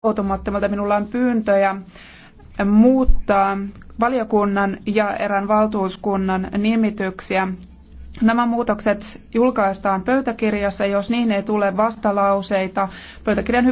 sitoutumattomalta minulla on pyyntöjä muuttaa valiokunnan ja erään valtuuskunnan nimityksiä. Nämä muutokset julkaistaan pöytäkirjassa, jos niihin ei tule vastalauseita. Pöytäkirjan hyvä